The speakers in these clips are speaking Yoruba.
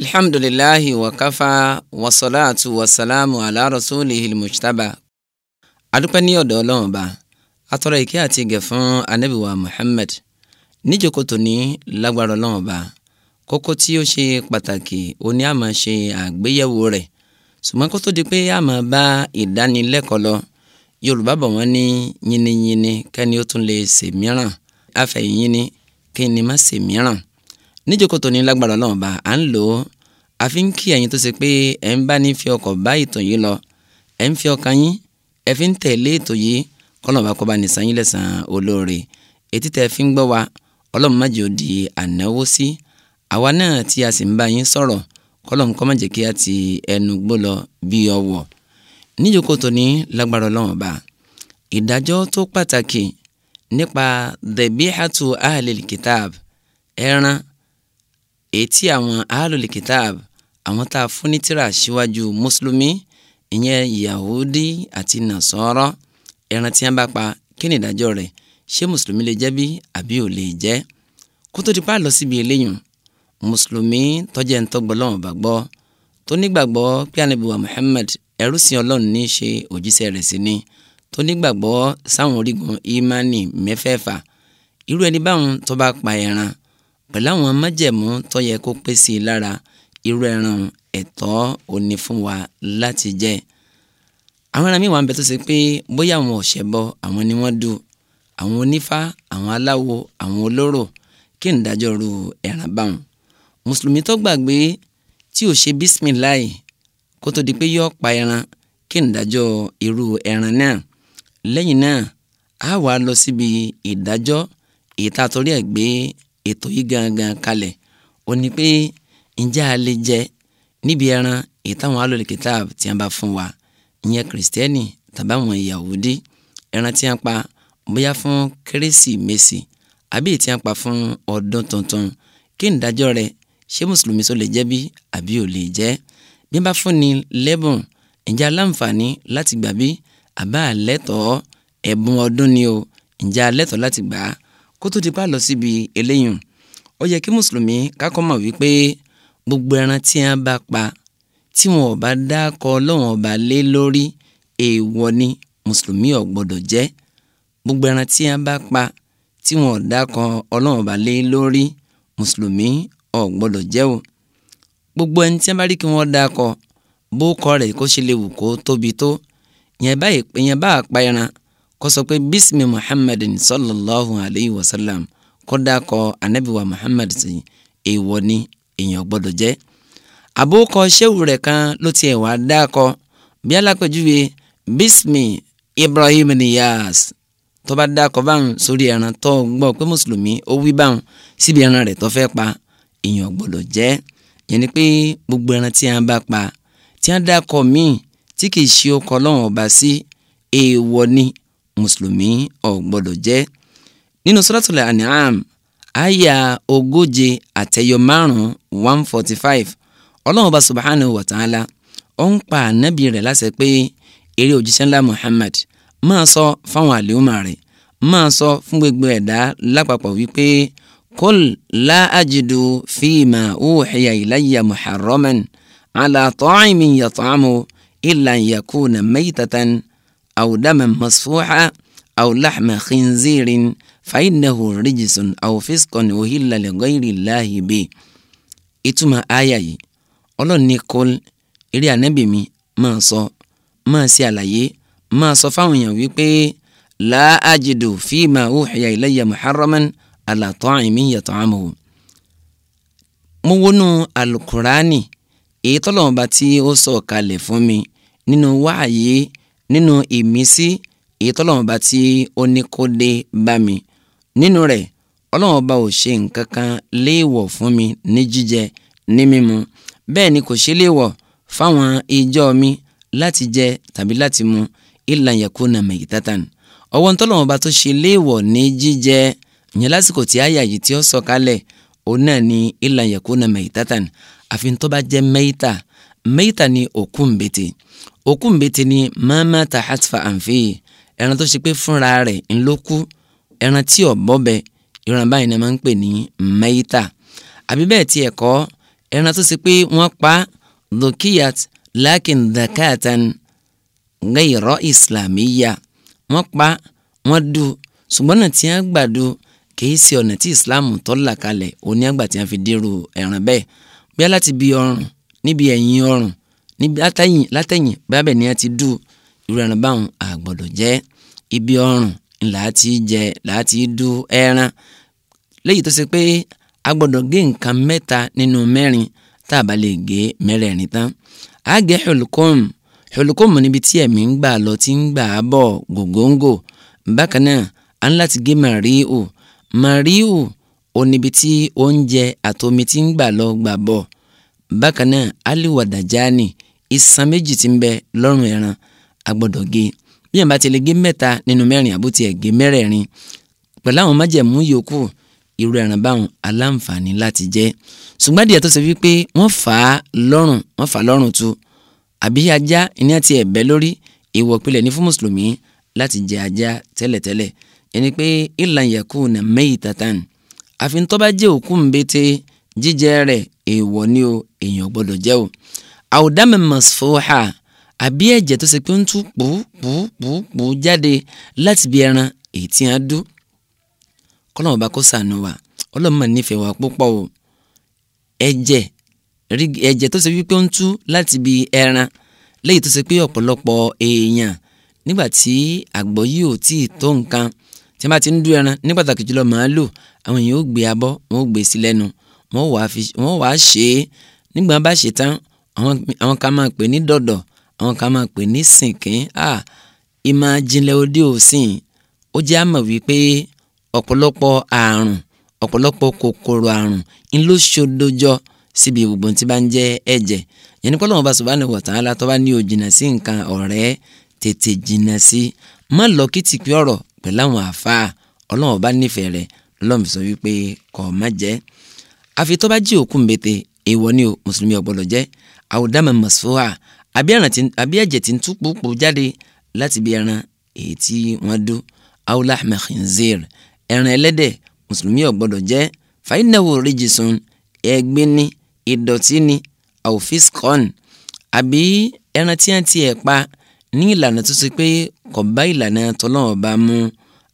alhamdulilahi wakafa wasalaatu wasalaamu ala rasulihi mujtaba adúpẹ́ ní ọ̀dọ̀ ọlọ́run ba atọrọ ìkẹ́ àti ìgẹ̀ fún anabiwa muhammad níjókòó tòní lágbára ọlọ́run ba kókó tí ó ṣe pàtàkì ó ní a máa ṣe àgbéyẹ̀wò rẹ̀ ṣùgbọ́n kó tó di pé a máa bá ìdánilẹ́kọ̀ọ́ lọ yorùbá bọ̀ wọ́n ní yínníyínní kẹ́ni ó tún lè ṣèmíràn afẹ́yìnyínní kí ni má ṣèmíràn níjókòó tó ní lágbára Ọlọ́run bá à ń lò ó àfi ń kí ẹ̀yin tó ṣe pé ẹ̀ ń bá ní fi ọkọ̀ bá ètò yìí lọ ẹ̀ ń fi ọkàn yín ẹ̀ fi ń tẹ̀lé ètò yìí kọ́nà bá kọ́ bá nìsan yín lẹ́sàn-án olóore ètí tẹ̀ fi ń gbọ́ wa Ọlọ́run má jẹ́ ó di ànáwó sí àwa náà tí a sì ń bá yín sọ̀rọ̀ kọ́lọ́n kọ́ má jẹ́ kí a ti ẹnu gbó lọ bí ọwọ́ níjókòó tó ní lágbára bá ìdájọ́ tó pàtàkì nípa dẹ̀bíhàtú ahlil kitab ẹran etí àwọn ahlul kitab àwọn tá a fún ní tírà síwájú mùsùlùmí ìyẹn yahudi àti nasara ẹran tí wọ́n bá pa kí ni ìdájọ́ rẹ̀ ṣé mùsùlùmí lè jẹ́ bí àbí ò lè jẹ́ kó tó di pa lọ síbi eléyìn mùsùlùmí tọ́jẹ́ ń tọ́gbọ́ lọ́wọ́ gbàgbọ́ tó nígbàgbọ́ pé ànábìwá Muhammad ẹrú sí ọlọ́run ní í ṣe òjíṣẹ́ rẹ̀ sí ni tó nígbàgbọ́ sáwọn orígun ìmánì mẹ́fẹ̀ẹ̀fà irú ẹni báwọn tó bá pa ẹran pẹ̀lú àwọn májẹ̀mú tó yẹ kó pé sí i lára irú ẹran ẹ̀tọ́ òní fún wa láti jẹ àwọn ẹran míì wà ń bẹ tó ṣe pé bóyá àwọn ọ̀ṣẹbọ àwọn ni wọ́n dù àwọn onífá àwọn aláwo àwọn olóró kí n dájọ́ ru ẹran báwọn mùsùlùmí tó gbàgbé tí ò ṣe bísímìláì kó tó di pé yọ pa ẹran kí n dájọ́ irú ẹran náà lẹ́yìn náà a wà lọ síbi ìdájọ́ èyí ẹ̀ gbé ètò yìí gangan kalẹ̀ ó ní pé ǹjẹ́ a lè jẹ níbi ẹran ìtàwọn alòlè kìtàb tí a bá fún wa ìyẹn kìrìsìtẹ́nì tàbí àwọn Yahudi ẹran tí a pa bóyá fún kérésìmesì àbí tí a pa fún ọdún tuntun kí ni ìdájọ́ rẹ̀ ṣé mùsùlùmí sọ lè jẹ bí àbí ò lè jẹ bí a bá fún ni lẹ́bùn ǹjẹ́ aláǹfààní láti gbà bí àbá àlẹ́tọ̀ọ́ ẹ̀bùn ọdún ni o ǹjẹ́ alẹ́tọ̀ọ́ láti gbà á kó tó di pa lọ síbi eléyìí ó yẹ kí mùsùlùmí kákọ́ mọ̀ wípé gbogbo ẹran tí wọ́n bá pa tí wọn ò bá dákọ Ọlọ́run ọba lé lórí èèwọ̀ ni mùsùlùmí ò gbọ́dọ̀ jẹ gbogbo ẹran tí wọ́n bá pa tí wọn ò dákọ Ọlọ́run ọba lé lórí mùsùlùmí ò gbọ́dọ̀ jẹ o gbogbo ẹni tí wọ́n bá rí kí wọ́n dákọ bó kọ rẹ̀ kó ṣe lè wù kó tóbi tó yẹn báyìí yẹn bá pa ẹran kó sọ pé bísímì muhammadin sallallahu alayhi wa sallam kó dákọ anabiwa muhammad sí èèwọ̀ ni èèyàn gbọ́dọ̀ jẹ́ àbókọ ṣéwù rẹ̀ kan ló tiẹ̀ wá dákọ bí alápèjúwe bísímì ibrahim niyas tó bá dákọ báwọn sórí ẹran tó gbọ́ pé mùsùlùmí ó wí báwọn síbi ẹran rẹ̀ tó fẹ́ pa èèyàn gbọ́dọ̀ jẹ́ yẹn ni pé gbogbo ẹran tí a bá pa tí a dákọ míì tí kì ṣe ọkọ Ọlọ́run ọba sí èèwọ̀ ni mùsùlùmí ò gbọ́dọ̀ jẹ́ nínú Suratul An'am àyà ogóje àtẹ̀yọ márùn-ún one forty five ọlọ́run bá subhanahu wa ta'ala ó ń pa ànábì rẹ̀ láṣẹ pé eré òjíṣẹ́ ńlá Muhammad máa sọ fáwọn àlèhùnmá rẹ̀ máa sọ fún gbogbo ẹ̀dá lápapọ̀ wípé kol la ajidu fima uhiya ilayya muharraman ala ta'imin yat'amu illa yakuna maytatan أو دما مصفوحا أو لحم خنزير فإنه رجس أو فسق أهل لغير الله به ìtumọ̀ àyà yìí ọlọ́run ní kọ́l eré ànábì mi máa sọ máa ṣe àlàyé máa sọ fáwọn èèyàn wípé láàjìdò fíìmà òhìyà ìlẹ́yà muharraman àlàtọ́ àìmí yàtọ̀ àmọ́ mo wọnú alukurani èyí tọ́lọ́mọba tí ó sọ kalẹ̀ fún mi nínú wáàyè. No nínú ìmísí èyí tọ́lọ́wọ́n bá tí ó ní kó dé bá mi nínú rẹ̀ ọlọ́wọ́n bá ò ṣe nǹkan kan léèwọ̀ fún mi ní jíjẹ ní mímu bẹ́ẹ̀ ni kò ṣe léèwọ̀ fáwọn ìjọ mi láti jẹ tàbí láti mu ìlànà yẹ̀kú nà mẹ̀gìtátàn ọwọ́ ntọ́lọ́wọ́n bá tó ṣe léèwọ̀ ní jíjẹ ìyẹn lásìkò tí àyà yìí tí ó sọ kalẹ̀ òun náà ni ìlànà yẹ̀kú nà mẹ̀gìtátàn àfi ntọ́ bá jẹ́ mẹ́yìtà mẹ́yìtà ni òkú ń bètè òkú mbete ni mama ta hatfa ànfẹ́ ẹran tó ṣe pé fúnra rẹ̀ ńlọ́kú ẹran tí ò bọ́bẹ̀ ìran báyìí ni a máa ń pè ní maita àbí bẹ́ẹ̀ tiẹ̀ kọ́ ẹran tó ṣe pé wọ́n pa dhukiyat lakin dhakatan ghayra islamiyya wọ́n pa wọ́n du ṣùgbọ́n náà tí wọ́n gbà du kìí ṣe ọ̀nà tí islam tó là kalẹ̀ òní àgbà tí wọ́n fi dérú ẹran bẹ́ẹ̀ bí aláti bí ọrùn níbi ẹ̀yìn ọrùn níbi látẹ̀yìn látẹ̀yìn bábẹ̀ ni a ti dù irú ẹran báwọn àgbọ̀dọ̀ jẹ ibi ọrùn là á ti jẹ là á ti dù ẹran léyìí tó ṣe pé a gbọ́dọ̀ gé nǹkan mẹ́ta nínú mẹ́rin tá a bá lè gé mẹ́rẹ̀ẹ̀rin tán a gé hulkum hulkum níbi tí ẹ̀mí ń gbà lọ tí ń gbà á bọ̀ gògóńgò bákan náà a ń láti gé màríù màríù ó níbi tí oúnjẹ àtomi tí ń gbà lọ gbà bọ̀ bákan náà aliwadajani iṣan méjì tí ń bẹ lọ́rùn ẹran agbọ́dọ̀ gé bí yẹn bá ti lè gé mẹ́ta nínú mẹ́rin àbótí ẹ̀ gé mẹ́rẹ̀ẹ̀rin pẹ̀lú àwọn májẹ̀mú yòókù irú ẹran báwọn aláǹfààní láti jẹ ṣùgbọ́n díẹ̀ tó ṣe wípé wọ́n fà á lọ́rùn wọ́n fà á lọ́rùn tu àbí ajá iná ti ẹ̀bẹ́ lórí ìwọ̀ pilẹ̀ ní fún mùsùlùmí láti jẹ ajá tẹ́lẹ̀tẹ́lẹ̀ ẹni pé ìlànà yẹ̀kú nà mẹ́yì tàtàn àfi tó bá jẹ́ òkú ń bété jíjẹ rẹ̀ èèwọ̀ ni o èèyàn gbọ́dọ̀ jẹ o àwòdámẹ mọ̀sífọ́hà àbí ẹ̀jẹ̀ tó ṣe pé ń tú pòópòópòó jáde láti bí ẹran èyí tí a dú kọ́lọ́mù bá kó sànù wa ọlọ́mọ nífẹ̀ẹ́ wa púpọ̀ o ẹ̀jẹ̀ ẹ̀jẹ̀ tó ṣe wípé ń tú láti bí ẹran léyìí tó ṣe pé ọ̀pọ̀lọpọ̀ èèyàn nígbà tí àgbọ̀ yìí ò tí ì tó nǹkan tí wọ́n bá ti ń dú ẹran ní pàtàkì jùlọ màálù àwọn èèyàn ó gbé abọ́ wọn ó gbé sí lẹ́nu wọn ó wàá ṣe é nígbà wọn bá ṣe tán àwọn kan máa pè ní dọ̀dọ̀ àwọn kan máa pè ní sìnkín à ìmọ̀ jinlẹ̀ òde òsìn ó jẹ́ àmọ̀ wípé ọ̀pọ̀lọpọ̀ àrùn ọ̀pọ̀lọpọ̀ kòkòrò àrùn ńlọ ṣòdojọ́ síbi gbogbo tí bá ń jẹ́ ẹ̀jẹ̀ yẹn ní kọ́ lọ́wọ́ bá subhanahu wa ta'ala tó bá ní o jìnnà sí nǹkan ọ̀rẹ́ tètè jìnnà sí má lọ kìtìkì ọ̀rọ̀ pẹ̀lú àwọn àfa ọlọ́wọ́ bá nífẹ̀ẹ́ rẹ̀ lọ́mọ sọ wípé kọ́ má jẹ́ àfi tó bá jí òkú mbete èèwọ̀ ni o mùsùlùmí ò jẹ́ àwòdàmà mọ̀sífọ́à àbí ẹ̀jẹ̀ tí ń tú pòpò jáde láti bí ẹran èyí tí wọ́n dó aula mekhinzir ẹran ẹlẹ́dẹ̀ mùsùlùmí ò gbọ́dọ̀ jẹ fainahu rijisun ẹ̀gbin ni ìdọ̀tí ni aufiskon àbí ẹran tí wọ́n ti ẹ̀ pa ní ìlànà tó ṣe pé kò bá ìlànà tọ́lọ́wọ́ bá mú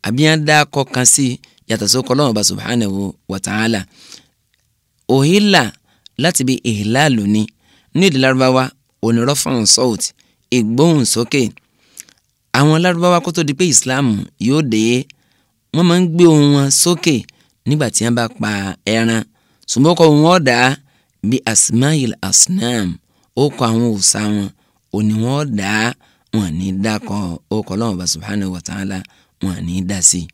àbí akọ kan sí yàtọ̀ sí kọ́lọ́wọ́ bá subhanahu wa ta'ala òhìlà láti bí ìhìlá lónìí ní èdè lárúbáwá òní rọ́fọ̀n salt ìgbóhùnsókè àwọn lárúbáwá kó tó di pé islam yóò dé wọ́n máa ń gbé ohùn wọn sókè nígbà tí wọ́n bá pa ẹran ṣùgbọ́n kọ́ wọn ọ̀dà bíi asmail asnam ó kọ àwọn òòṣà wọn òní wọn ọ̀dà wọn ní dákọ̀ ó kọ́ lọ́wọ́ bá subhanahu wa ta'ala wọn ní dá sí i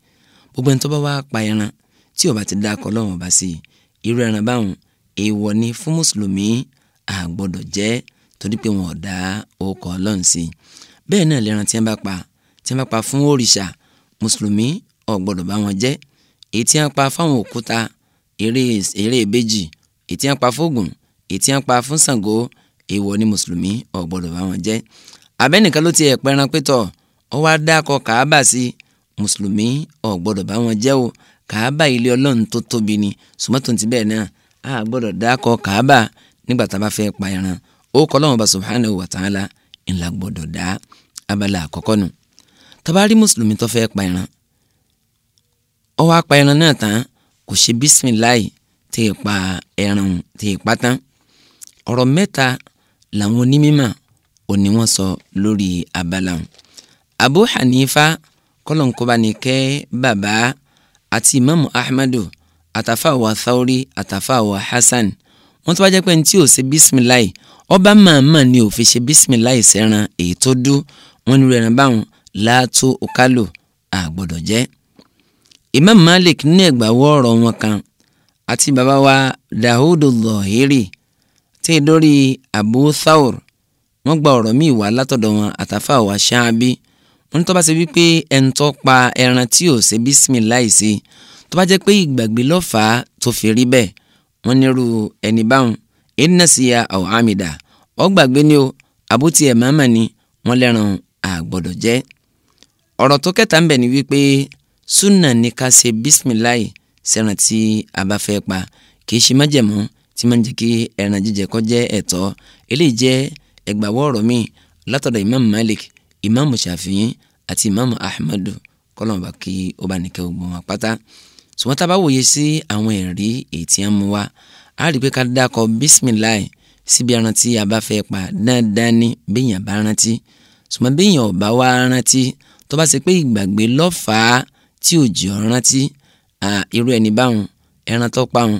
gbogbo ẹni tó bá wá pa ẹran tí ó ti dákọ̀ lọ́wọ́ bá sí i irú ẹran báwọn èèwọ̀ ni fún mùsùlùmí a gbọ́dọ̀ jẹ́ torí pé wọn ò dá orúkọ ọlọ́run sí i bẹ́ẹ̀ náà lẹ́ran tí wọ́n bá pa tí wọ́n bá pa fún òrìṣà mùsùlùmí ò gbọ́dọ̀ bá wọn jẹ́ èyí tí wọ́n pa fáwọn òkúta eré ìbejì èyí tí wọ́n pa fóògùn èyí tí wọ́n pa fún Ṣàngó èèwọ̀ ni mùsùlùmí ò bá wọn jẹ́ abẹ́nìkan ló ti ẹ̀pẹ́ ẹran pétọ̀ ó wá dákọ̀ kàábà sí mùsùlùmí ò bá wọn jẹ́ o kàábà ilé ọlọ́run tó tóbi ni sùmọ́tò ti bẹ́ẹ̀ náà a gbọ́dọ̀ dákọ̀ kàábà nígbà tá a bá fẹ́ pa ẹran ó kọ́ lọ́wọ́ bá subhanahu wa ta'ala ńlá gbọ́dọ̀ dá abala àkọ́kọ́ nù Tabaari mùsùlùmí tó fẹ́ pa ẹran ó wá pa ẹran náà tán kò ṣe bísímìláì tí ì pa ẹran tí ì pa tán ọ̀rọ̀ mẹ́ta làwọn onímọ̀ òní wọ́n sọ lórí abala wọn Abu Hanifa kọ́lọ̀nkọ́ba ní kẹ́ bàbá àti Imamu Ahmadu àtàfàwọ̀ Thawri àtàfàwọ̀ Hasan wọ́n tó bá jẹ́ pé ní tí ò ṣe bísímìláì ọba màmá ni ò fi ṣe bísímìláì sẹ́ran èyí tó dú wọ́n ní rẹ̀ràn báwọn láàtó òkálò àgbọ̀dọ̀ jẹ́. Imam Malik ní ẹ̀gbàwọ́ ọ̀rọ̀ wọn kan àti bàbá wa Dahudu Zahiri tí ì dórí Abu Thawr wọ́n gba ọ̀rọ̀ míì wá látọ̀dọ̀ wọn àtàfà wa Ṣáàbí wọ́n ní tó bá ṣe wípé ẹni tó pa ẹran tí ò ṣe bísímìláì sí tó bá jẹ́ pé ìgbàgbé ló tó fi rí bẹ́ẹ̀ wọ́n nírú ẹni báwọn ẹnìnàṣìyà ọ̀ àmìdá ọgbàgbé ni o àbútí màmá ni wọ́n lẹ́ràn àgbọ̀dọ̀ jẹ́ ọ̀rọ̀ tó kẹta ń bẹ̀ ni wípé súnà ní ká ṣe bísímìláì sẹ́ran tí a bá fẹ́ pa kì í ṣe májẹ̀mú tí máa ń jẹ́ kí ẹran jíjẹ kó jẹ́ ẹ̀tọ́ eléyìí jẹ́ ẹgbàwọ́ ọ̀rọ̀ míì látọ̀dọ̀ imam malik imam shafi'i àti imam ahmadu kọ́lọ́mọba kí ó bá nìkẹ́ gbogbo wọn pátá ṣùgbọ́n tá a bá wòye sí àwọn ẹ̀rí èyí tí wọ́n mú wá a rí i pé ká dákọ bísímìláì síbi ẹran a bá fẹ́ pa dáadáa ní béèyàn bá rántí ṣùgbọ́n béèyàn ò bá wá rántí tó bá ṣe pé ìgbàgbé lọ́fàá tí ò jẹ́ rántí irú ẹni báwọn ẹran tó páwọn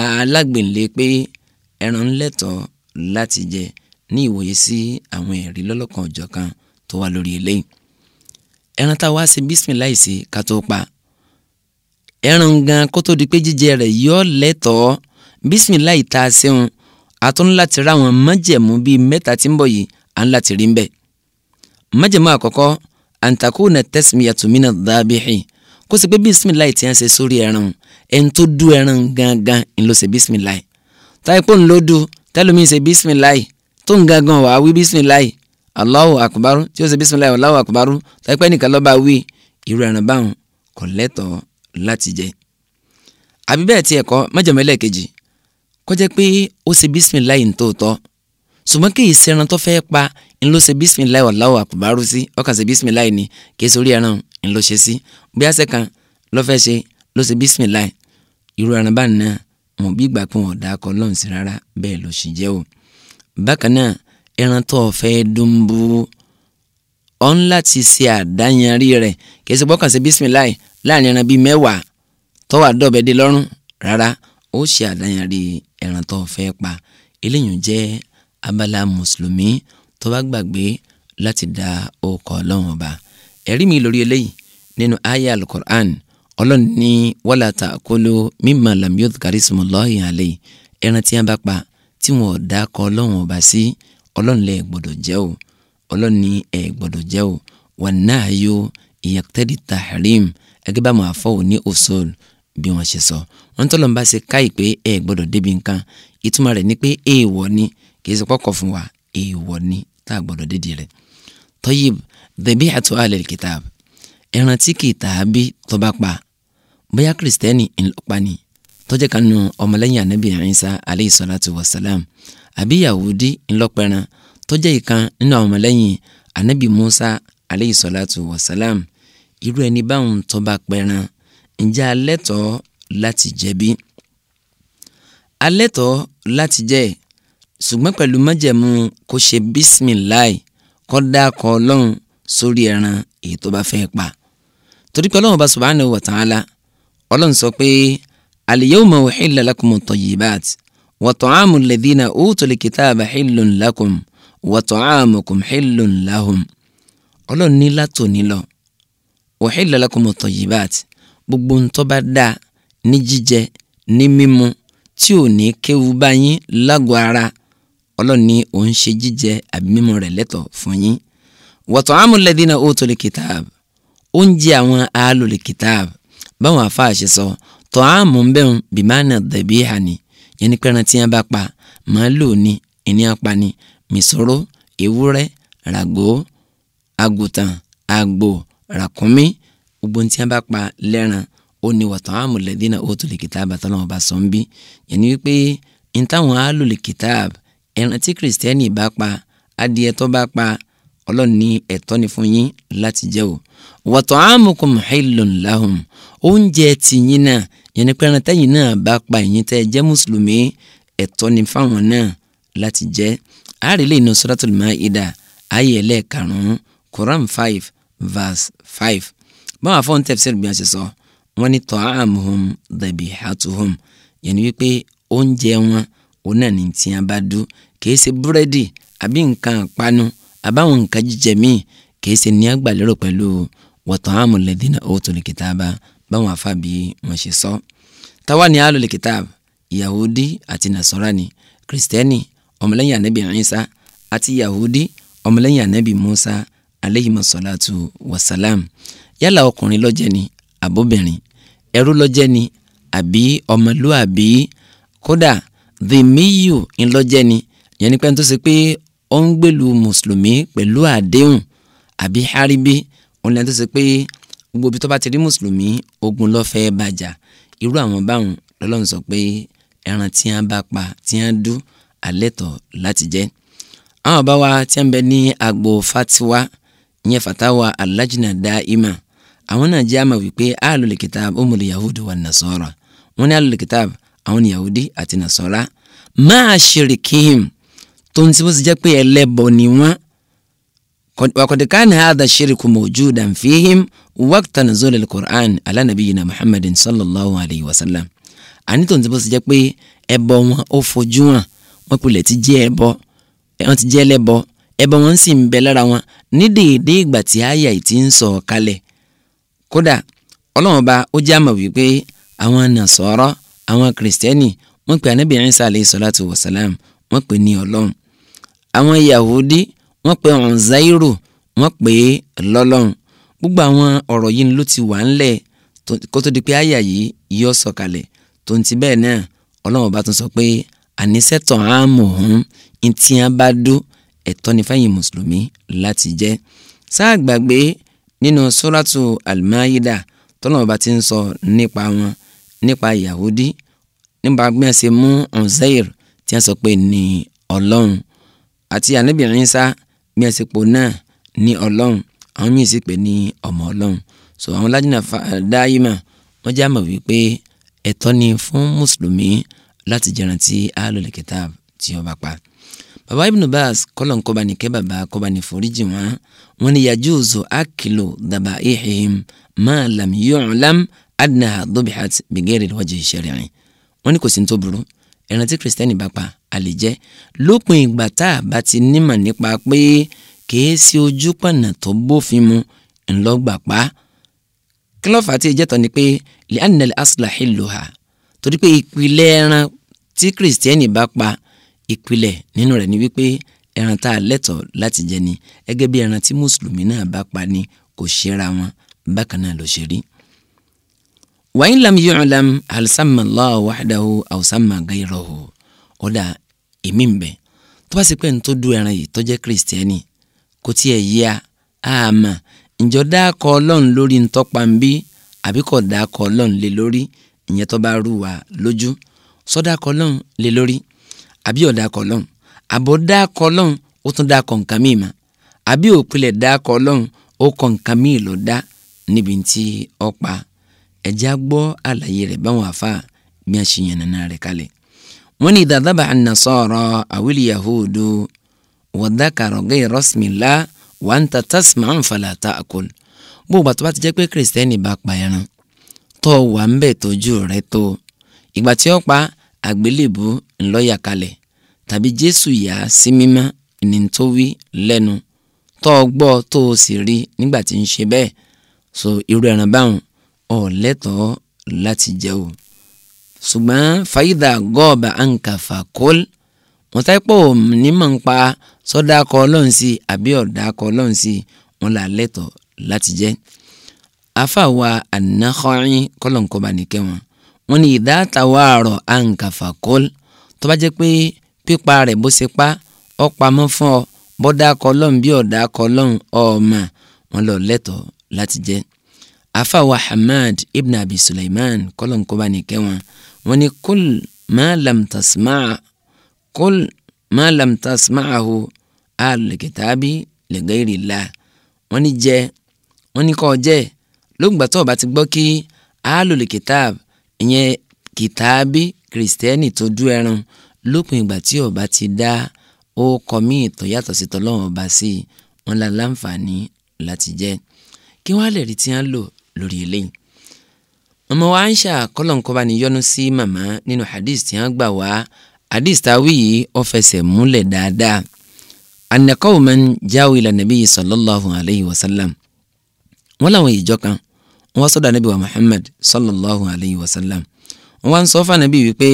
alágbèlé pé ẹran ń láti jẹ ní ìwòye sí àwọn ẹ̀rí lọ́lọ́kan ọ̀jọ̀kan tó wà lórí eléyìí ẹran tá ṣe bísímìláì sí ká tó pa ẹran gan kó tó di pé jíjẹ rẹ̀ yọ lẹ́tọ̀ọ́ bísímìláì tá a ṣeun a tún láti ra àwọn májẹ̀mú bíi mẹ́ta tí ń bọ̀ yìí à ń láti rí ń bẹ̀. májẹ̀mú àkọ́kọ́ àǹtakùnà tasmiyatu mina dábìhì kó sì pé bísímìláì tí wọ́n ṣe sórí ẹran ẹni tó dú ẹran gangan ń ṣe bísímìláì táìpọ̀ ń du tẹ́lómi ṣe bísímìláì tó ń gangan wàá wí bísímìláì Allahu akbaru tí ó ṣe bísímìláì Allahu akbaru taipo nìkan lọ́ba wí irú ẹran báwọn kò lẹ́tọ̀ọ́ láti jẹ àbí bẹ́ẹ̀ tiẹ̀ kọ́ májẹ̀mú ẹlẹ́ẹ̀kejì kó jẹ́ pé ó ṣe bísímìláì ń tóòtọ́ ṣùgbọ́n kì í ṣe ẹran tó fẹ́ pa ń ló ṣe bísímìláì Allahu àkùbárú sí ọkàn ṣe bísímìláì ni kì í sórí ẹran ń ló ṣe sí bí àṣẹ kan ló fẹ́ ṣe ló ṣe bísímìláì irú ẹran bá nìyà wọn bí ìgbà pé wọn dà kọ lọ́n sí rárá bẹ́ẹ̀ ló ṣì jẹ́ o bákan náà ẹran tó fẹ́ dúnbú ọ̀n láti ṣe àdáyanrí rẹ̀ kì í ṣe gbọ́kàn ṣe bísímìláì láàrin ẹran bíi mẹ́wàá tọ́wà dọ̀bẹ̀dẹ lọ́rùn rárá ó ṣe àdáyanrí ẹran tó fẹ́ pa eléyìí jẹ́ abala mùsùlùmí tó bá gbàgbé láti da ọkọ̀ ọlọ́run ọba ẹ̀rí mi lórí eléyìí nínú aya alukur'an ọlọ́run ní wala ta'kulu mimma lam yudhkari ismullahi alayhi ẹran tí wọ́n bá pa tí wọn ò dá kọ ọlọ́run ọba sí ọlọ́run lẹ gbọ́dọ̀ jẹ́ o ọlọ́run ní ẹ gbọ́dọ̀ jẹ́ o wan nahyu yaqtadi tahrim gẹ́gẹ́ bá àwọn àfọwò ní òṣòl bí wọ́n ṣe sọ wọ́n tọ́ lọ́nba ṣe káyì pé ẹ gbọ́dọ̀ débi nǹkan ìtumọ̀ rẹ̀ ni pé èèwọ̀ ni kì í ṣe pọ́kọ̀ fún wa èèwọ̀ ni tá a gbọ́dọ̀ dédìí rẹ̀ tọ́yìb dẹ̀bí àti alẹ́ kìtàb ẹran tí kìtàbí tó bá pa bóyá kìrìsìtẹ́nì ńlọpa ni tọ́jẹ́ kan nu ọmọlẹ́yìn anabi Isa aleyhi salatu àbí yahudi ńlọpẹran tọ́jẹ́ ìkan nínú ọmọlẹ́yìn anabi Musa aleyhi salatu wa salam irú ẹni báwọn tó bá pẹran ǹjẹ́ alẹ́tọ̀ọ́ láti jẹ bí? alẹ́tọ̀ọ́ láti jẹ ṣùgbọ́n pẹ̀lú májẹ̀mú kó ṣe bísímìláì kó dákọ ọlọ́run sórí ẹran èyí tó bá fẹ́ pa torí pé ọlọ́run bá subhanahu wa ta'ala ọlọ́run sọ pé al-yawma uhilla lakum at-tayyibat wa ta'amu alladhina utul kitaba hillun lakum wa ta'amukum hillun lahum ọlọ́run ní látòní lọ uhilla lakumu tayyibat gbogbo ntó bá dáa ní jíjẹ ní mímu tí ò ní kéwu bá yín lágọ̀ ara ọlọ́run ní òun ṣe jíjẹ àbí mímu rẹ̀ lẹ́tọ̀ fún yín wa ta'amu alladhina utul kitab oúnjẹ àwọn alul kitab báwọn afáà ṣe sọ ta'amu ń bẹ̀rù bimana dhabiha ni yẹn ní pẹ́ran tí wọ́n bá pa màálù ni ìní apá ni mìsòrò ewúrẹ́ ràgó àgùtàn àgbò Rakumi gbogbo ní tí wọ́n bá pa lẹ́ran ó ní wọ̀tán àmúlẹ̀dínà ó sọ ń bí ni wípé n táwọn àlò lè kìtàb ẹran tí kìrìsìtẹ́nì bá pa adìẹ tó bá pa ọlọ́run ní ẹ̀tọ́ ni fún yín láti jẹ o wọ̀tán àmúkùn hìlùn láhùn oúnjẹ tìyín náà yẹn ni pé ẹran tẹ́yìn náà bá pa ìyín tẹ́ jẹ́ mùsùlùmí ẹ̀tọ́ ni fáwọn náà láti jẹ àárẹ̀ lè nu Suratul Maida ayé ẹlẹ́ẹ̀karùn-ún Quran five verse five báwọn afọ́n tafsir bí wọ́n ṣe sọ wọ́n ní ta'amuhum dhabihatuhum yẹn ni wípé oúnjẹ wọn òun náà ní tí a bá dú kìí ṣe búrẹ́dì àbí nǹkan àpanu àbáwọn nǹkan jíjẹ míì kìí ṣe ní agbàlérò pẹ̀lú wa ta'amul ladhina utul kitaba báwọn afá bí wọ́n ṣe sọ. táwa ni alul kitab yahudi àti nasarani kristẹni ọmọlẹ́yìn anabi Isa àti yahudi ọmọlẹ́yìn anabi Musa aleyhi masalatu wasalam yálà ọkùnrin lọ́jẹ́ ni àbóbìnrin ẹrú lọ́jẹ́ ni àbí ọmọlúàbí kódà dhimiyu ńlọ́jẹ́ ni yẹn ni pé tó ṣe pé ó ń gbèlú mùsùlùmí pẹ̀lú àdéhùn àbí háríbí òun lẹ́yìn tó ṣe pé gbogbo ibi tó bá ti rí mùsùlùmí ogun ló fẹ́ bàjá irú àwọn báwọn lọ́lọ́run sọ pé ẹran tí wọ́n bá pa tí wọ́n dú alẹ́ tọ̀ láti jẹ àwọn bá wa tí wọ́n bẹ ní agbo fatiwa ìyẹn fatawa alajna daima àwọn náà jẹ́ àmà wípé alul kitab umul yahudu wa nasara wọ́n ní alul kitab àwọn yahudi àti nasara máa ṣirikihim tó ń sibó sì jẹ́ pé ẹlẹ́bọ ni wọ́n wakọ̀dìkan hadha shiriku mawjudan fihim waqta nuzulil qur'an ala nabiyina muhammadin sallallahu alayhi wa sallam àní tó ń sibó sì jẹ́ pé ẹbọ wọn ó fojú wọn wọn pilẹ̀ ti jẹ́ ẹbọ wọn ti jẹ́ ẹlẹ́bọ ẹbọ wọn sì ń bẹ lára wọn ní dèédé ìgbà tí àyà yìí ti ń sọ̀ kalẹ̀ kódà ọlọ́run bá ó jẹ́ àmọ̀ wípé àwọn nàṣọ́rọ́ àwọn kìrìsìtẹ́nì wọ́n pè ànábì Ìsá alayhi salatu wa pè ní ọlọ́run àwọn yahudi wọ́n pè ọ̀nzáírò wọ́n pè lọ́lọ́run gbogbo àwọn ọ̀rọ̀ yìí ló ti wà ńlẹ̀ kó tó di pé àyà yìí yọ sọ̀kalẹ̀ tó ń ti bẹ́ẹ̀ náà ọlọ́run bá tún sọ pé ànísẹ́tọ̀ àmọ̀ ọ̀hún ntí bá dó ẹ̀tọ́ ni fẹ́yìn mùsùlùmí láti jẹ́ sáà gbàgbé nínú suratu al-Maida tọ́nà ọba ti ń sọ nípa wọn nípa Yahudi nípa bí wọ́n ṣe mú Uzair tí wọ́n sọ pé ní ọlọ́run àti Ànábì Ìsá bí wọ́n ṣe pò náà ní ọlọ́run àwọn míì sì pè ní ọmọ ọlọ́run so àwọn lajina dáìmà wọ́n jẹ́ àmọ̀ wípé ẹ̀tọ́ ni fún mùsùlùmí láti jẹran tí alul kitab tí ó bá pa baba ibn Baz kọlọ̀n kọba ní kẹ́ baba kọba ní foríjì wọn wọn ni yajuzu akilu dabaihim ma lam yu'lam adnaha dhubihat bighairi alwajhi shar'i wọn ni kò sí ní tó burú ẹran tí kìrìsìtẹ́nì bá pa àlè jẹ lópin ìgbà tá a bá ti nímọ̀ nípa pé kìí ṣe ojú pọ̀nà tó bófin mu ńlọgbà pa kílọ̀fà tí ìjẹ́tọ̀ ni pé li'anna al-asla hilluha torí pé ìpìlẹ̀ ẹran tí kìrìsìtẹ́nì bá pa ìpìlẹ̀ nínú rẹ̀ ni wípé ẹran tá a lẹ́tọ̀ọ́ láti jẹ ni gẹ́gẹ́ bí ẹran tí mùsùlùmí náà bá pa ni kò ṣera wọn bákan náà ló ṣe rí. wa in lam yu'lam hal samma Allah wahdahu aw samma ghayrahu ọ̀dà èmi ń bẹ̀ tó bá sì pé ní tó du ẹran yìí tó jẹ́ kìrìsìtẹ́nì kò tiẹ̀ yíya àmà ǹjọ́ dáàkọ ọlọ́run lórí ntọ́pa ń bí àbí kò dáàkọ ọlọ́run lé lórí ìyẹn tó bá rú lójú sọ́dáàkọ ọlọ́run lé lórí àbí ọ̀dà kọlọ́n àbọ̀ dá kọlọ́n ó tún dá kọ̀ǹkan míì mà àbí òpilẹ̀ dá kọlọ́n ó kọ̀ǹkan míì ló dá níbi tí ọ pa ẹ̀já gbọ́ àlàyé rẹ̀ báwọn afa bí a ṣe yànnà náà rẹ̀ kalẹ̀ wọ́n ní ìdàdàbà ànàsọ̀rọ̀ àwílì yahudu wọ̀dákàrọ̀ gẹ́ rọ́sìmìlá wà ń ta tásìmà ń ta àkọl bó bàtú bá ti jẹ́ pé kìrìsìtẹ́nì bá pa ẹran tó wà ń bẹ̀ tójú rẹ̀ tó ìgbà tí ó pa á àgbélébù ńlọ́yà kalẹ̀ tàbí Jésù yà á sí mímá ní tó wí lẹ́nu tó o gbọ́ tó o sì rí nígbà tí ń ṣe bẹ́ẹ̀ so irú ẹran báwọn ò lẹ́tọ̀ọ́ láti jẹ o ṣùgbọ́n fàyídà gọ́ọ̀bà ànkàfà kọ́l wọn táyé pọ̀ nímọ̀ ń pa sọ́dá akọ ọlọ́run sí àbí ọ̀dà akọ ọlọ́run sí wọn là lẹ́tọ̀ọ́ láti jẹ afáwa ànáhọ́rin kọ́lọ̀ǹkọ́ba nìkẹ́ wọn wọ́n ní ìdá àtàwárọ̀ àǹkàfàkọ́l tó bá jẹ́ pé pípa rẹ̀ bó ṣe pa ọ́ pamọ́ fún ọ bọ́dá kọlọ́n bí ọ̀dá kọlọ́n ọ̀ọ́mà wọn lọ lẹ́tọ̀ọ́ láti jẹ́ afawa Hamad ibn Abi Sulaiman kọlọ́n kọ́ba nìkẹ́ wọn wọ́n ní kul ma lam tasmaa kul ma lam tasmaahu al-kitabi li ghayri Allah wọ́n ní jẹ́ wọ́n lóògbà tó o bá ti gbọ́ kí alùlù ìyẹn kìtàbí kìrìsìtẹ́nì tó dú ẹran lópin ìgbà tí ọba ti dá ó kọ míì tó yàtọ̀ sí tọ́lọ́wọ́n ọba sí i wọn la láǹfààní láti jẹ kí wọ́n á lè rí tí wọ́n lò lórí eléyìí. ọmọ wa ń ṣà kọ́lọ̀nkọ́ba ni yọ́nú sí màmá nínú hadith tí wọ́n gbà wá hadith táwí yìí ó fẹsẹ̀ múlẹ̀ dáadáa. anna jáwé ìlànà bíi sallallahu alayhi wa sallam wọ́n làwọn ìjọ kan wọ́n wá sọ́dọ̀ anabi wa muhammad sallallahu alayhi wa sallam wọ́n wá ń sọ fún anabi wípé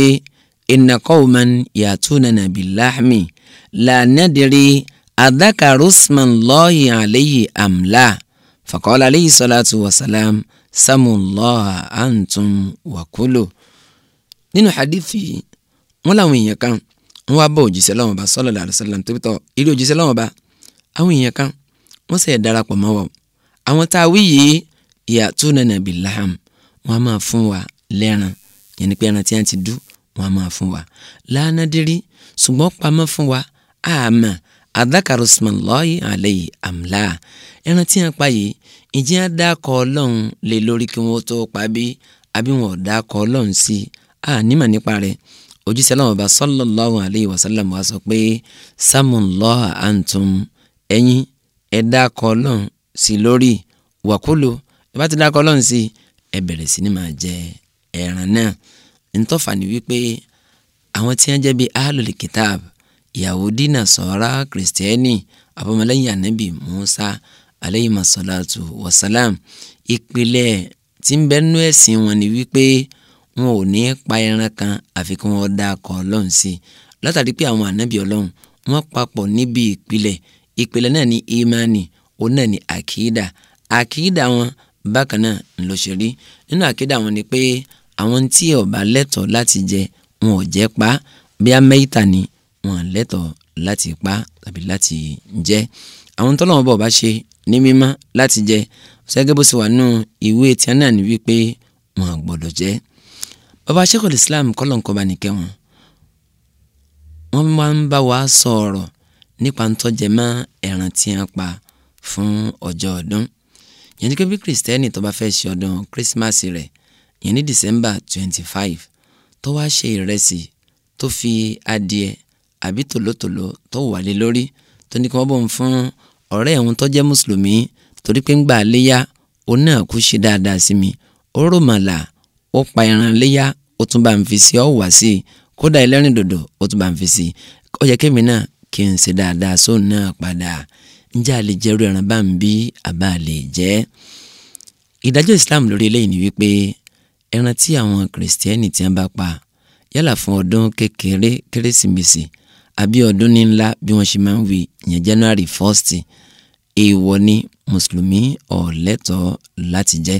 inna qawman ya'tunana bil-lahmi la nadri adhakaru ismallahi alayhi am la faqala alayhi salatu wa salam samullaha antum wa kulu. nínú hadithi wọn làwọn èèyàn kan wọn wá bá òjíṣẹ́ lọ́wọ́n ba sallallahu alayhi wa tóbi tọ́ ilé òjíṣẹ́ lọ́wọ́n ba àwọn èèyàn kan wọ́n ṣe darapọ̀ mọ́ wọ àwọn tá a wí yìí ya'tunana bil laham wọ́n á máa fún wa lẹ́ran yẹn pé ẹran tí wọ́n ti dú wọ́n máa fún wa la nadiri ṣùgbọ́n pamọ́ fún wa àmà adhakaru ismallahi alayhi amla ẹran tí wọ́n pa yìí ìjẹ́ àdàkọ́ ọlọ́run lè lórí kí wọ́n tó pa bí àbí wọn ò dákọ́ ọlọ́run sí a nímọ̀ nípa rẹ̀ òjíṣẹ́ ọlọ́run ọba sallallahu alayhi wa sallam wa sọ pé samullaha antum ẹ̀yin ẹ dákọ́ ọlọ́run sí lórí wàkúlò tó bá ti dákọ ọlọ́run sí ẹ bẹ̀rẹ̀ sí ni máa jẹ ẹran náà ntọ́fà ni wípé àwọn tí wọ́n jẹ́ bíi ahlul kitab Yahudi Nasara kìrìsìtẹ́nì àbọ̀mọlẹ́yìn ànábì Musa aleyhi masalatu wasalam ìpìlẹ̀ tí ń bẹ nú ẹ̀sìn wọn ni wípé wọn ò ní pa ẹran kan àfi kí wọn dá akọ ọlọ́run sí látàrí pé àwọn ànábì ọlọ́run wọn papọ̀ níbi ìpìlẹ̀ ìpìlẹ̀ náà ni imani òun náà ni akida, akida wọn bákan náà ńlọ ṣe rí nínú àkídà wọn ni pé àwọn tí ọba lẹ́tọ̀ọ́ láti jẹ wọn ò jẹ́ pa bí amẹ́yìtà ni wọn lẹ́tọ̀ọ́ láti pa tàbí láti jẹ àwọn tọ́lọ́wọ́n bọ̀ bá ṣe ní mímọ́ láti jẹ ṣẹ́gẹ́ bó ṣe wà nù ìwé tí wọn náà ní wípé wọn gbọ́dọ̀ jẹ bàbá Sheikhul Islam kọ́lọ́nkọ́ba nìkẹ́ wọn wọ́n máa ń bá wa sọ̀rọ̀ nípa ntọ́jẹmọ́ ẹran tí wọ́n pa fún ọjọ́ ọdún yẹn ni kébí kristẹni tó bá fẹ́ ṣe ọdún kírísímàsì rẹ̀ yẹn ní december twenty five tó wá ṣe ìrẹsì tó fi adìẹ àbí tòlótòló tó wàlé lórí tó ní kí wọ́n bọ̀ ń fún ọ̀rẹ́ ẹ̀hún tó jẹ́ mùsùlùmí torí pé ń gbà léyà òun náà kú ṣe dáadáa sí mi ó rọ̀mọ̀là ó pa ẹran léyà ó tún bá ń fi sí ọ̀ wá sí i kódà ẹlẹ́rìn ó tún bá ń fi sí i ó yẹ kémi náà kí n ṣe dáadáa sóun náà padà ǹjẹ́ a lè jẹ́rú ẹran bá ń bí àbá a lè jẹ́ ìdájọ́ Islam lórí eléyìí ni wípé ẹran tí àwọn kìrìsìtẹ́nì tí wọ́n bá pa yálà fún ọdún kékeré kérésìmesì àbí ọdún níńlá bí wọ́n ṣe máa ń wí yẹn January 1st èèwọ̀ ni mùsùlùmí ò lẹ́tọ̀ọ́ láti jẹ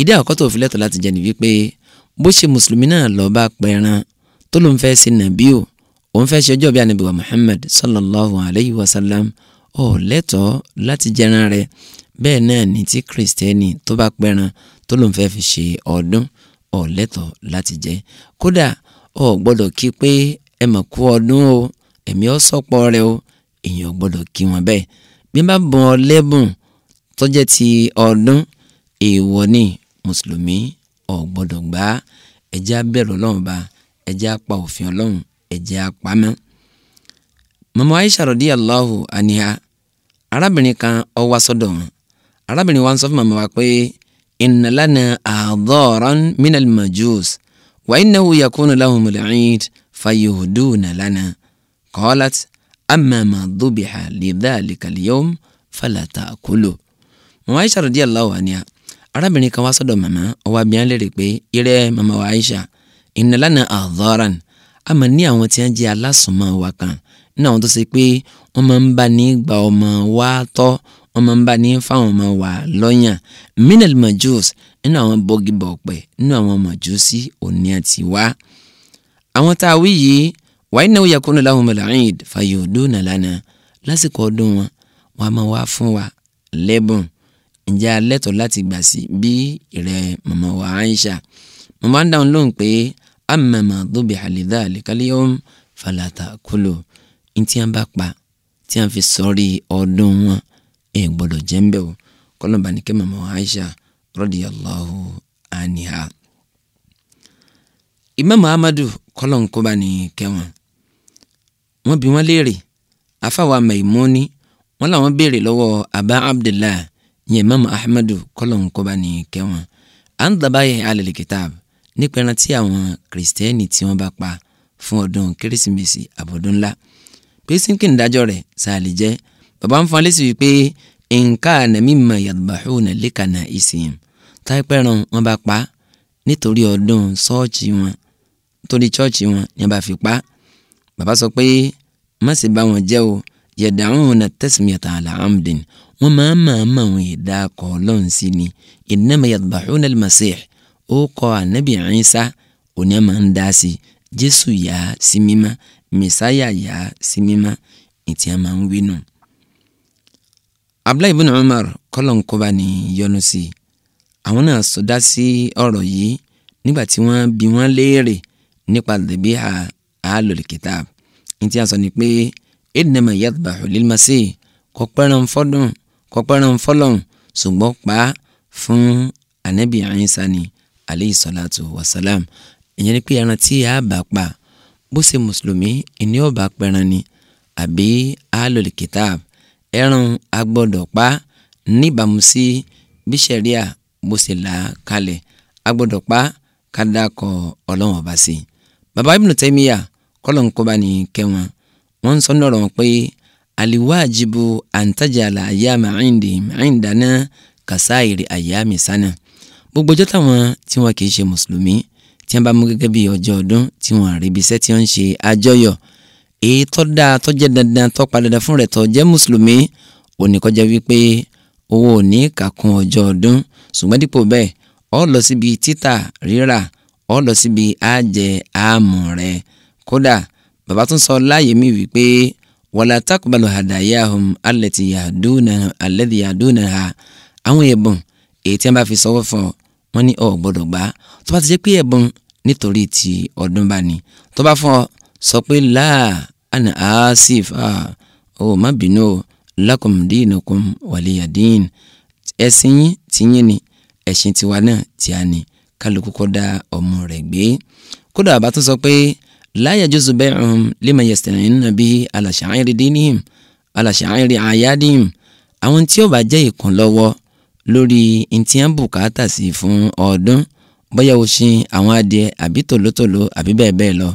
ìdí àkọ́kọ́ tó fi lẹ́tọ̀ọ́ láti jẹ ni wípé bó ṣe mùsùlùmí náà lọ bá pẹran tó ló ń fẹ́ sí nàbí òun fẹ́ ṣe ọjọ́ bí anabiwa Muhammad sallallahu alayhi wa sallam ò lẹ́tọ̀ọ́ láti jẹran rẹ̀ bẹ́ẹ̀ náà ní tí kìrìsìtẹ́nì tó bá pẹran tó lòun fẹ́ fi ṣe ọdún ò lẹ́tọ̀ọ́ láti jẹ kódà ò gbọ́dọ̀ kí pé ẹ mà kú ọdún o ẹ̀mí ọ sọ̀pọ̀ rẹ o èèyàn gbọ́dọ̀ kí wọn bẹ́ẹ̀ bí bá bọ̀ ọ lẹ́bùn tó ti ọdún èèwọ̀ ni mùsùlùmí ò gbọ́dọ̀ gbà ẹ̀jẹ̀ abẹ́rù ọlọ́run ba ẹ̀jẹ̀ apá òfin ọlọ́run ẹ̀jẹ̀ apámẹ́ mọ̀mọ́ Aisha radiyallahu anha arábìnrin kan ó wá sọ́dọ̀ wọn arábìnrin wa ń sọ fún màmá wa pé inna lana adharan minal majus wa innahu yakunu lahumul eid fayuhduna lana qalat amma ma dhubiha lidhalika al-yawm fala ta'kulu mọ̀mọ́ Aisha radiyallahu anha arábìnrin kan wá sọ́dọ̀ màmá ó wá bi án léèrè pé irẹ́ màmá wa Aisha inna lana adharan ní àwọn tí wọ́n jẹ́ alásùnmọ́ wa kan náà tó ṣe pé wọ́n máa ń bá ní gba ọmọ wa tọ́ wọ́n máa ń bá ní fáwọn ọmọ wa lọ́yàn minel majus nínú àwọn bọ́gìbọ̀ ọ̀pẹ nínú àwọn majusi òní àti wá. àwọn tá a wí yìí wàá iná òye kúnlẹ̀ láwọn mẹlẹ́rìn fàyọ̀dún nàlánà lásìkò ọdún wọn wọn a máa wá fún wa lẹ́bùn ǹjẹ́ a lẹ́tọ̀ọ́ láti gbà sí bí ìrẹ́ màmá wa Aisha màmá ń dáhùn lóhùn pé àmàmà dóbi àlìdá àlìkálíyọ́m fàlàtà kúlò ní tí wọ́n bá pa tí wọ́n fi sọ́rí ọdún wọn ẹ̀ gbọ́dọ̀ jẹ́ ń bẹ̀ o kọ́lọ́ba ní kí màmá Aisha radiyallahu anha. Imam Ahmadu kọ́lọ́nkóba ní kẹwọn wọ́n bi wọ́n léèrè afáwa Maimoni wọ́n làwọn béèrè lọ́wọ́ Aba Abdullah yẹn Imam Ahmadu kọ́lọ́nkóba ní kẹwọn à ń dábàá yẹn alẹ́ kìtàb nípa ẹran tí àwọn kìrìsìtẹ́nì tí wọ́n bá pa fún ọdún kérésìmesì àbọ̀dún pé sínkì ńdájọ́ rẹ̀ sàlì jẹ́ bàbá ń fọn lẹ́sìn wípé nǹka ànàmí mọ̀ yàtọ̀bàhù nà lẹ́kànnà ìsìn táìpẹ́ràn wọn bá pa nítorí ọdún ṣọ́ọ̀chì wọn torí ṣọ́ọ̀chì wọn ni wọn bá fi pa bàbá sọ pé má sì bá wọn jẹ́ o yẹ̀dáhùn nà tẹ̀símìyàtà àlà wọn máa máa máa wọn ìdá kọ́ ọlọ́run sí ni ìnáma yàtọ̀bàhù nà lẹ́màṣẹ́ ó kọ́ ànàbì ẹ̀ ń dá sí jésù yà á sí mímọ́ mẹsáyà yà á sí mímọ́ ìtì a máa ń wí nù. abdullahi ibn umar kọ́lọ́nkọ́ba ni yọ́nú sí i àwọn náà sọdá sí ọ̀rọ̀ yìí nígbà tí wọ́n bi wọ́n léèrè nípa dèbíhà àálòlì kìtàb ìtì a sọ ni pé edinama yadbahu lilmasi kọ́pẹ́ràn fọ́dún kọ́pẹ́ràn fọ́lọ́n ṣùgbọ́n pa fún anabi Isa ni salatu wa salam ìyẹn ni pé ẹran tí a bá pa bó ṣe mùsùlùmí ìní ọba pẹran ni àbí alòlì kìtàb ẹran agbọ́dọ̀ pa níbàámu sí bí ṣẹ̀ríà bó ṣe là á kalẹ̀ agbọ́dọ̀ pa kádàkọ Ọlọ́run ọba sí i bàbá Ibn Taymiyyah kọlọ̀ ńkọba ní kẹwọn wọn ń sọ ní ọ̀rọ̀ wọn pé aliwájibu antajala ayáma ẹ̀ǹdì ẹ̀ǹdáná kàsáìrì ayámi sánà gbogbo ọjọ́ táwọn tí wọn kì í ṣe mùsùlùmí tí wọ́n bá mú gẹ́gẹ́ bí ọjọ́ ọdún tí wọ́n àríbi iṣẹ́ tí wọ́n ń ṣe àjọyọ̀ èyí tó dáa tó jẹ́ dandan tó pa dandan fún rẹ̀ tó jẹ́ mùsùlùmí òní kọjá wípé owó òní kàkún ọjọ́ ọdún ṣùgbọ́n dípò bẹ́ẹ̀ ọ lọ síbi títà rírà ọ lọ síbi àjẹ àmù rẹ̀ kódà bàbá tún sọ láàyè mi wípé wàlá takubalu hadayahum alẹ́tìyàdúnà alẹ́tìyàdúnà ha àwọn ẹ̀bùn èyí tí wọ́n bá fi sọ́wọ́ fún ọ wọ́n ní ọ gbọ́dọ̀ gbà tó bá ti jẹ́ pé ẹ̀bùn nítorí ti ọdún bá ní tó bá fún ọ sọ pé láà àná àásìf ọ má bínú o lakum dinukum waliya yín ti yín ni ẹ̀sìn tiwa náà tí a ní kálukú kó dá ọmọ rẹ̀ gbé kódà bá tún sọ pé la yajuzu bay'uhum lima yasta'inuna bihi ala sha'iri dinihim ala sha'iri ayadihim àwọn tí ó bá jẹ́ ìkànlọ́wọ́ lórí ntí à ń bùkátà sí fún ọdún bóyá o ṣe àwọn adìẹ àbí tòlótòló àbí bẹ́ẹ̀ bẹ́ẹ̀ lọ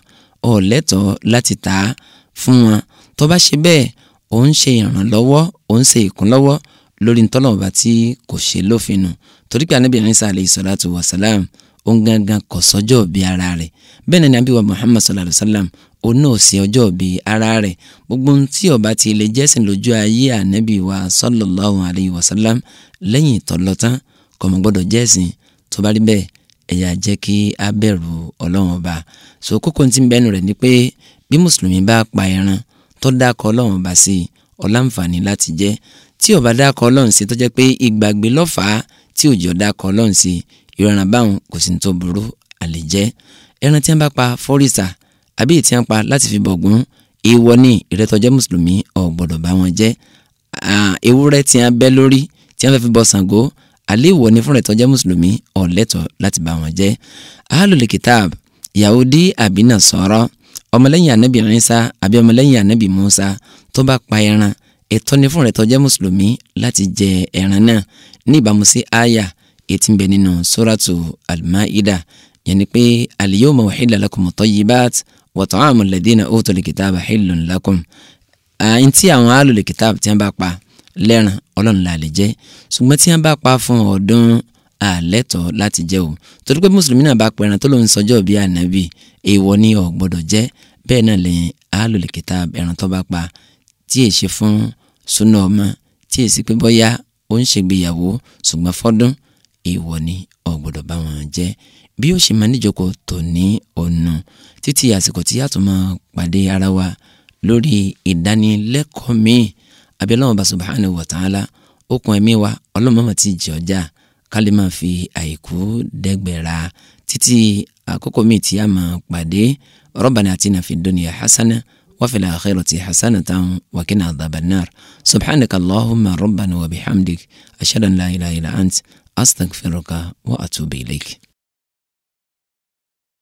o lẹ́tọ̀ọ́ láti tà á fún wọn tó bá ṣe bẹ́ẹ̀ ò ń ṣe ìrànlọ́wọ́ ò ń ṣe ìkúnlọ́wọ́ lórí ntọ́lọ́mọba tí kò ṣe lófin nù torí pé Ànábì Ìsá alayhi salatu wa salam òun gangan kò sọ́jọ́ bí ara rẹ̀ bẹ́ẹ̀ ni Ànábì Muhammad sallallahu alayhi wa sallam òun náà sí ọjọ́ bí ara rẹ̀ gbogbo ohun tí ọba ti lè jẹ́sìn lójú ayé ànábì wa sallallahu alayhi wa sallam lẹ́yìn ìtọ́lọ́tán kò mọ̀ gbọ́dọ̀ jẹ́sìn tó bá rí bẹ́ẹ̀ ẹ̀yà jẹ́ kí a ọlọ́run ọba so kókó tí ń bẹnu rẹ̀ ni pé bí mùsùlùmí bá pa ẹran tó dákọ̀ ọlọ́run ọba sí ọláǹfààní láti jẹ́ tí ọba dákọ̀ ọlọ́run sí tó jẹ́ pé ìgbàgbé lọ́fàá tí òjò dákọ̀ ọlọ́run sí ìrànlọ́bàrún kò sí ní tó burú àlè jẹ́ ẹran tí wọ́n bá pa fọ́rìṣà àbí ètí à ń pa láti fi bọ̀gún èèwọ̀ ní ìrẹ́tọ̀jẹ́ mùsùlùmí ò gbọ́dọ̀ bá wọn jẹ ewúrẹ́ tí a bẹ́ lórí tí a fẹ́ fi bọ Ṣàngó àléèwọ̀ ní fúnra ìtọ́jẹ́ mùsùlùmí ò lẹ́tọ̀ láti bá wọn jẹ ahlul kitab yahudi àbí nasara ọmọlẹ́yìn anabi Isa àbí ọmọlẹ́yìn anabi Musa tó bá pa ẹran ẹ̀tọ́ ni fúnra ìtọ́jẹ́ mùsùlùmí láti jẹ ẹran náà ní ìbámu sí aya ètí ń bẹ nínú suratu al-Ma'idah yẹn ni pé al-yawma uhilla lakumut-tayyibat wọ̀tọ́hàmù lẹ́dínà òótọ́ lè kìtàbà hìlùn lakum àyìn tí àwọn àlùlẹ̀ kìtàbà tí wọ́n bá pa lẹ́ran ọlọ́run là lè jẹ́ ṣùgbọ́n tí wọ́n bá pa fún ọdún àlẹ́tọ̀ láti jẹ́ o torí pé mùsùlùmí náà bá pẹran tó lóun sọjọ́ bíi ànábì èèwọ̀ ni ò gbọ́dọ̀ jẹ bẹ́ẹ̀ náà lẹ́yìn àlùlẹ̀ kìtàbà ẹran tó bá pa tí è ṣe fún súnà ọmọ tí è sì pé bọ́yá ó ń ṣègbéyàwó ṣùgbọ́n fọ́dún èèwọ̀ ni ò gbọ́dọ̀ bá wọn jẹ bí ó ṣe máa níjókòó tò ní ọ̀nà títí àsìkò tí a tún máa pàdé ara wa lórí ìdánilẹ́kọ̀ọ́ míì abiyalawo ba subhanahu wa ta'ala okun ẹ̀mí wa ọlọ́mọọmọ ti jẹ́ ọjà kálí máa fi àìkú dẹ́gbẹ̀ra títí àkókò míì tí a máa pàdé rabbana atina fid dunya hasana wa fil akhirati hasanatan wa qina adhaban nar subhanaka allahumma rabbana wa bihamdik ashhadu an la ilaha illa ant astaghfiruka wa atubu